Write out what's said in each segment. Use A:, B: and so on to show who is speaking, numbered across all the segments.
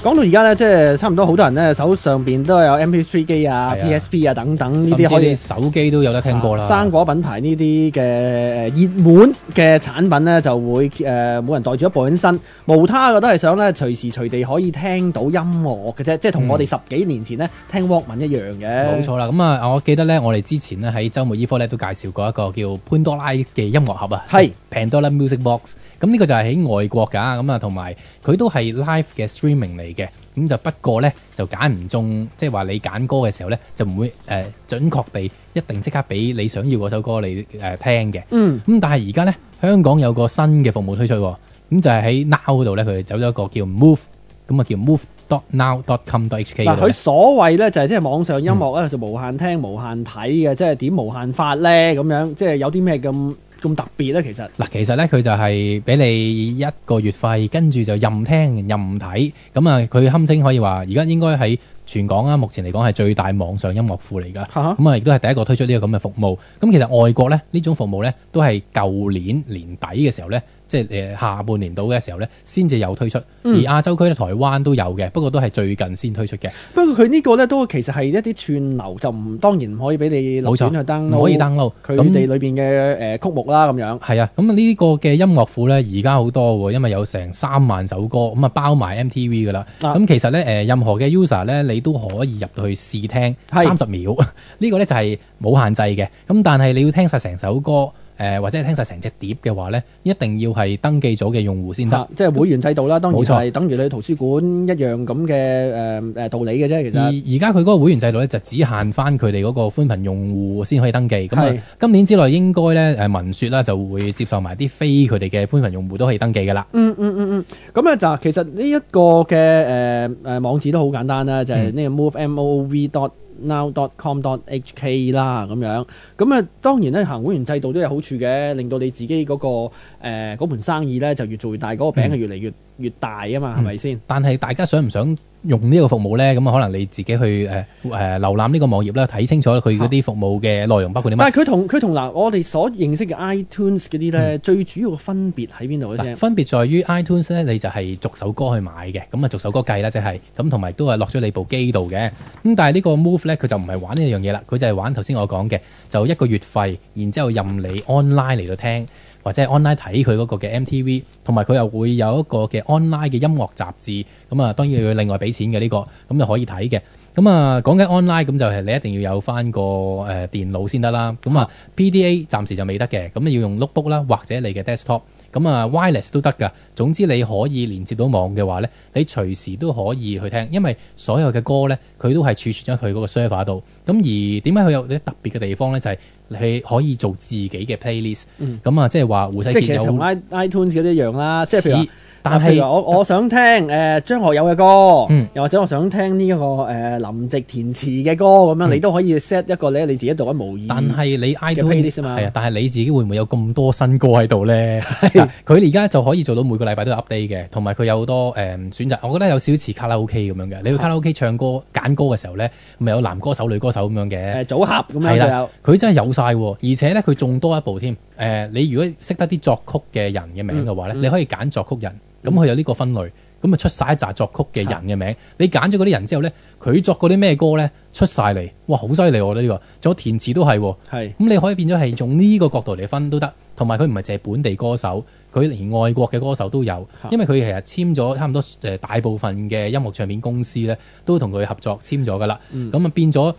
A: 講到而家咧，即係差唔多，好多人咧手上邊都有 MP3 機啊、PSP 啊 PS 等等呢啲可以手機
B: 都有得聽過啦。生、啊、
A: 果品牌呢啲嘅熱門嘅產品咧，就會誒冇、呃、人袋住一部身，新，無他，嘅都係想咧隨時隨地可以聽到音樂嘅啫，即係同我哋十幾年前咧、嗯、聽 Walkman 一樣嘅。冇錯啦，咁啊，
B: 我記得咧，我哋之前咧喺周末 e 科 net 咧都介紹過一個叫潘多拉嘅音樂盒啊，係是 Pandora Music Box。咁呢個就係喺外國㗎，咁啊，同埋佢都係 live 嘅 streaming 嚟。嘅，咁就、就是、就不過咧就揀唔中，即係話你揀歌嘅時候咧就唔會誒準確地一定即刻俾你想要嗰首歌你聽嘅。嗯，咁但係而家咧香港有個新嘅服務推出，咁就係、是、喺 Now 度咧佢走咗一個叫 Move，咁啊叫 Move dot Now dot com dot HK。佢
A: 所謂咧就係即係網上音樂咧就無限聽、嗯、無限睇嘅，即係點無限發咧咁樣，即係有啲咩咁？咁特別咧，其實
B: 嗱，其實咧佢就係俾你一個月費，跟住就任聽任睇，咁、嗯、啊，佢堪稱可以話而家應該喺全港啊，目前嚟講係最大網上音樂庫嚟㗎，咁啊哈，亦都係第一個推出呢個咁嘅服務。咁、嗯、其實外國咧，呢種服務咧都係舊年年底嘅時候咧。即係誒下半年到嘅時候咧，先至有推出。嗯、而亞洲區咧，台灣都有嘅，不過都係最近先推出嘅、嗯。
A: 不過佢呢個咧都其實係一啲串流，就唔當然唔可以俾你冇錯，可以 d o w n l o a 裏邊嘅誒曲目啦咁、嗯、樣。係啊，咁
B: 呢個嘅音樂庫咧，而家好多喎，因為有成三萬首歌咁啊，包埋 MTV 噶啦。咁其實咧誒，任何嘅 user 咧，你都可以入去試聽三十秒，呢是 個咧就係冇限制嘅。咁但係你要聽晒成首歌，誒或者係聽晒成隻碟嘅話咧，一定要係登記咗嘅用戶先得、啊，即係會員制
A: 度啦。嗯、當然係等於你圖書館一樣咁嘅誒誒道理嘅啫。其實
B: 而家佢嗰個會員制度咧，就只限翻佢哋嗰個寬頻用戶先可以登記。咁是啊，今年之內應該咧誒文説啦就會接受埋啲非佢哋嘅寬頻用戶都可以登記㗎啦、嗯。嗯嗯
A: 嗯嗯，咁咧就其實呢一個嘅誒誒網址都好簡單啦，就係、是、呢個 moov m o o v dot、嗯 now.com.hk 啦咁樣，咁啊當然咧行會員制度都有好處嘅，令到你自己嗰、嗰個誒、呃、盤生意咧就越做越大，嗰、嗰個餅係越嚟越越大啊嘛，係咪先？是吧但係大
B: 家想唔想？用呢一個服務咧，咁啊，可能你自己去誒誒瀏覽呢個網頁啦，睇清楚佢嗰啲服務嘅內容，包括點。但係
A: 佢同佢同嗱，我哋所認識嘅 iTunes 嗰啲咧，嗯、最主要嘅分別喺邊度
B: 咧？分別在於 iTunes 咧，你就係逐首歌去買嘅，咁啊，逐首歌計啦，即係咁，同埋都係落咗你部機度嘅。咁但係呢個 Move 咧，佢就唔係玩呢樣嘢啦，佢就係玩頭先我講嘅，就一個月費，然之後任你 online 嚟到聽。或者係 online 睇佢嗰個嘅 MTV，同埋佢又會有一個嘅 online 嘅音樂雜誌，咁啊，當然要另外俾錢嘅呢個，咁就可以睇嘅。咁啊，講緊 online 咁就係你一定要有翻個誒、呃、電腦先得啦。咁啊 PDA 暫時就未得嘅，咁要用 notebook 啦或者你嘅 desktop。咁啊，Wireless 都得噶，總之你可以連接到網嘅話咧，你隨時都可以去聽，因為所有嘅歌咧，佢都係儲存咗喺嗰個 server 度。咁而點解佢有啲特別嘅地方咧？就係、是、你可以做自己嘅 playlist、嗯。咁啊、嗯，即係話有，即係同
A: iTunes 啲一樣啦。即係譬如。但係，譬如我我想聽誒張、呃、學友嘅歌，嗯、又或者我想聽呢、這、一個誒、呃、林夕填詞嘅歌咁、嗯、樣，你都可以 set 一個咧你自己度一模一樣。但
B: 係你 iTunes 啊嘛，係啊，但係你自己會唔會有咁多新歌喺度咧？佢而家就可以做到每個禮拜都有 update 嘅，同埋佢有好多誒、嗯、選擇。我覺得有少少似卡拉 OK 咁樣嘅，是你去卡拉 OK 唱歌揀歌嘅時候咧，咪有男歌手、女歌手咁樣嘅，組
A: 合咁樣都的有。
B: 佢真係有晒，而且咧佢仲多一步添。誒、呃，你如果識得啲作曲嘅人嘅名嘅話咧，你可以揀作曲人，咁佢、嗯、有呢個分類，咁啊、嗯、出晒一紮作曲嘅人嘅名，嗯、你揀咗嗰啲人之後咧，佢作嗰啲咩歌咧出晒嚟，哇，好犀利，我覺得呢個，仲有填詞都係，咁是你可以變咗係用呢個角度嚟分都得，同埋佢唔係借本地歌手。佢連外國嘅歌手都有，因為佢其實簽咗差唔多大部分嘅音樂唱片公司咧，都同佢合作簽咗噶啦。咁啊、嗯、變咗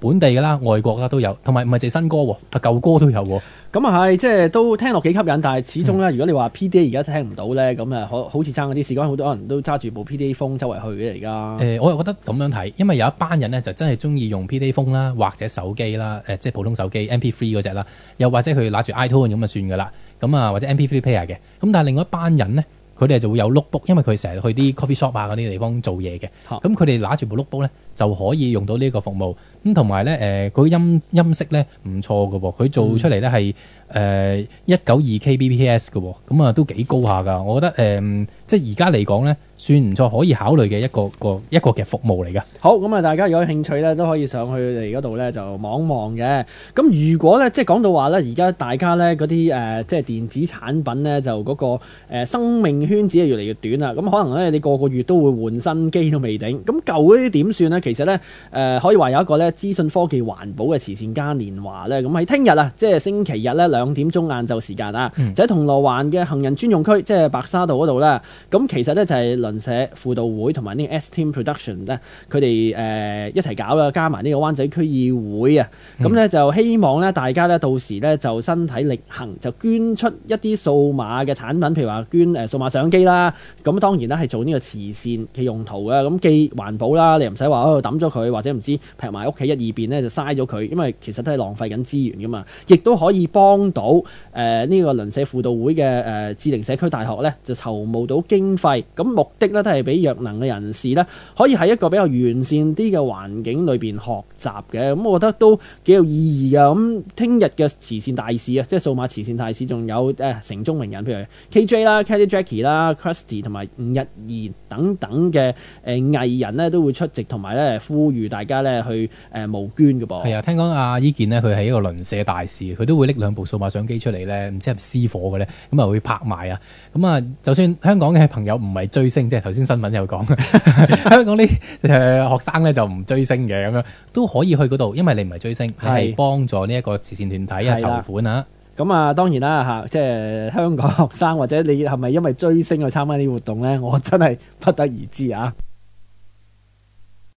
B: 本地㗎啦，外
A: 國啦都有，同埋唔係淨係新歌喎，舊歌都有喎。咁啊係，即係都聽落幾吸引，但係始終咧，如果你話 PDA 而家聽唔到咧，咁啊、嗯、好似爭嗰啲事關好多人都揸住部 PDA 風周圍去嘅而家。誒，
B: 我又覺得咁樣睇，因為有一班人咧就真係中意用 PDA 風啦，或者手機啦，即係普通手機 MP3 嗰隻啦，又或者佢拿住 iTune 咁啊算噶啦。咁啊，或者 MP3 player 嘅，咁但係另外一班人咧，佢哋就會有 notebook，因為佢成日去啲 coffee shop 啊嗰啲地方做嘢嘅，咁佢哋拿住部 notebook 咧就可以用到呢個服務。咁同埋咧，佢、呃、音音色咧唔錯嘅喎、哦，佢做出嚟咧係一九二 Kbps 嘅，咁、呃、啊、哦嗯、都幾高下㗎。我覺得、呃、即係而家嚟講咧，算唔錯，可以考慮嘅一個個一個嘅服務嚟㗎。好
A: 咁啊、嗯，大家如果有興趣咧，都可以上去嚟嗰度咧就望望嘅。咁如果咧，即係講到話咧，而家大家咧嗰啲即係電子產品咧，就嗰、那個、呃、生命圈子係越嚟越短啦。咁、嗯、可能咧，你個個月都會換新機都未定。咁舊嗰啲點算咧？其實咧、呃，可以話有一個咧。資訊科技環保嘅慈善嘉年華咧，咁喺聽日啊，即係星期日咧兩點鐘晏晝時間啊，就喺銅鑼灣嘅行人專用區，即係白沙道嗰度啦。咁其實咧就係鄰舍輔導會同埋呢個 S Team Production 咧，佢哋誒一齊搞啦，加埋呢個灣仔區議會啊。咁咧就希望咧大家咧到時咧就身體力行，就捐出一啲數碼嘅產品，譬如話捐誒、呃、數碼相機啦。咁當然啦，係做呢個慈善嘅用途啊。咁既環保啦，你唔使話喺度抌咗佢，或者唔知撇埋屋。喺一二邊咧就嘥咗佢，因為其實都係浪費緊資源噶嘛，亦都可以幫到呢、呃，這個鄰舍輔導會嘅誒志玲社區大學咧，就籌募到經費。咁目的咧都係俾弱能嘅人士咧，可以喺一個比較完善啲嘅環境裏面學習嘅。咁、嗯、我覺得都幾有意義啊！咁聽日嘅慈善大使啊，即係數碼慈善大使，仲、呃、有成城中名人，譬如 KJ 啦、Kelly Jackie 啦、Kristy 同埋吳日言等等嘅、呃、藝人咧，都會出席同埋咧，呼籲大家咧去。誒募捐嘅噃，係啊，聽講
B: 阿伊健呢，佢係一個鄰舍大使，佢都會拎兩部數碼相機出嚟咧，唔知係咪私夥嘅咧，咁啊會拍賣啊，咁啊，就算香港嘅朋友唔係追星，即係頭先新聞有講， 香港啲誒、呃、學生咧就唔追星嘅，咁樣都可以去嗰度，因為你唔係追星，係的幫助呢一個慈善團體啊的籌款啊，
A: 咁啊當然啦嚇，即、就、係、是、香港學生或者你係咪因為追星去參加啲活動咧？我真係不得而知啊！